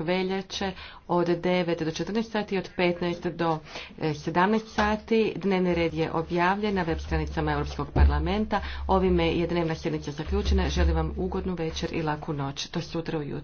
veljače od 9 do 14 sati od 15 do 17 e, sati. Dnevni red je objavljen na web stranicama Europskog parlamenta. Ovime je dnevna sjednica zaključena. Želim vam ugodnu večer i laku noć. Do sutra ujutro.